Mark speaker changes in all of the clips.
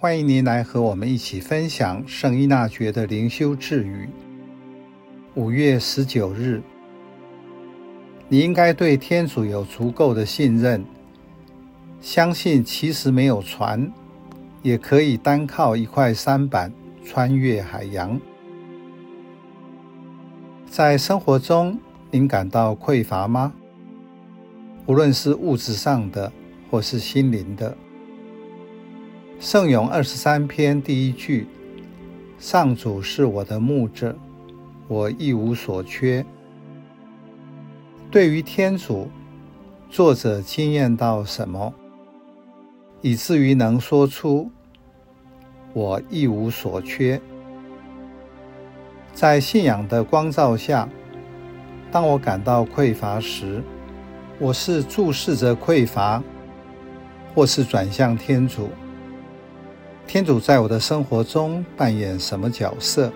Speaker 1: 歡迎您來和我們一起分享聖依納爵的靈修智語。五月十九日，你應該對天主有足夠的信任，相信其實沒有船，也可以單靠一塊舢板穿越海洋。在生活中，您感到匱乏嗎？無論是物質上的，或是心靈的。聖詠二十三篇第一句：“上主是我的牧者，我一無所缺。”對於天主，作者經驗到什麼，以至於能說出“我一無所缺”？在信仰的光照下，當我感到匱乏時，我是注視着匱乏，或是轉向天主？天主在我的生活中扮演什麼角色？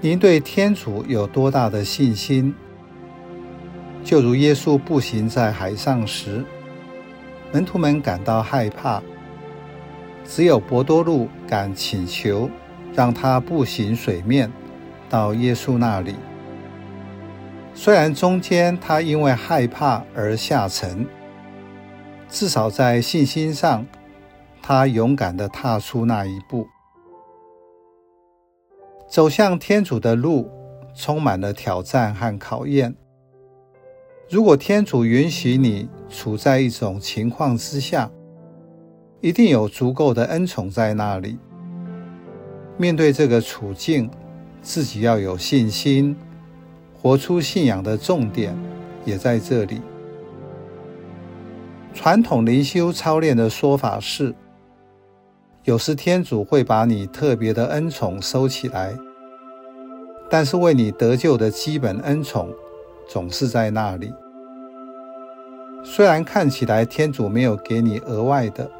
Speaker 1: 您對天主有多大的信心？就如耶穌步行在海上時，門徒們感到害怕，只有伯多祿敢請求讓他步行水面到耶穌那裡。雖然中間他因為害怕而下沉，至少在信心上。他勇敢的踏出那一步，走向天主的路充滿了挑戰和考驗。如果天主允許你處在一種情況之下，一定有足夠的恩寵在那裡。面對這個處境，自己要有信心，活出信仰的重點也在這裡。傳統靈修操練的說法是。有時天主會把你特別的恩寵收起來，但是為你得救的基本恩寵總是在那裡。雖然看起來天主沒有給你額外的，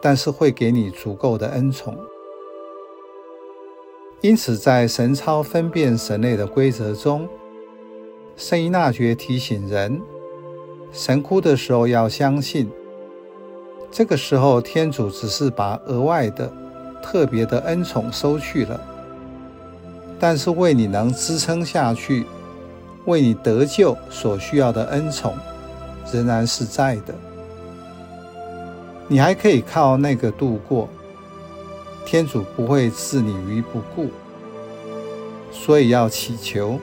Speaker 1: 但是會給你足夠的恩寵。因此，在神操分辨神類的規則中，聖依納爵提醒人：神枯的時候要相信。這個時候，天主只是把額外的、特別的恩寵收去了，但是為你能支撐下去、為你得救所需要的恩寵仍然是在的。你還可以靠那個度過，天主不會置你於不顧，所以要祈求，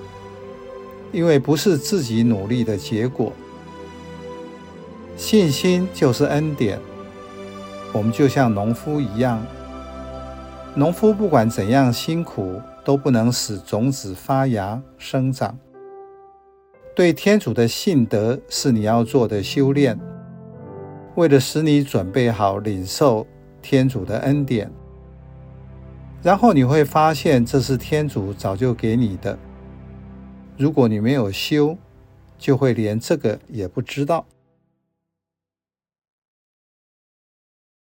Speaker 1: 因為不是自己努力的結果，信心就是恩典。我們就像農夫一樣，農夫不管怎樣辛苦，都不能使種子發芽生長。對天主的信德是你要做的修練，為了使你準備好領受天主的恩典。然後你會發現，這是天主早就給你的。如果你沒有修，就會連這個也不知道。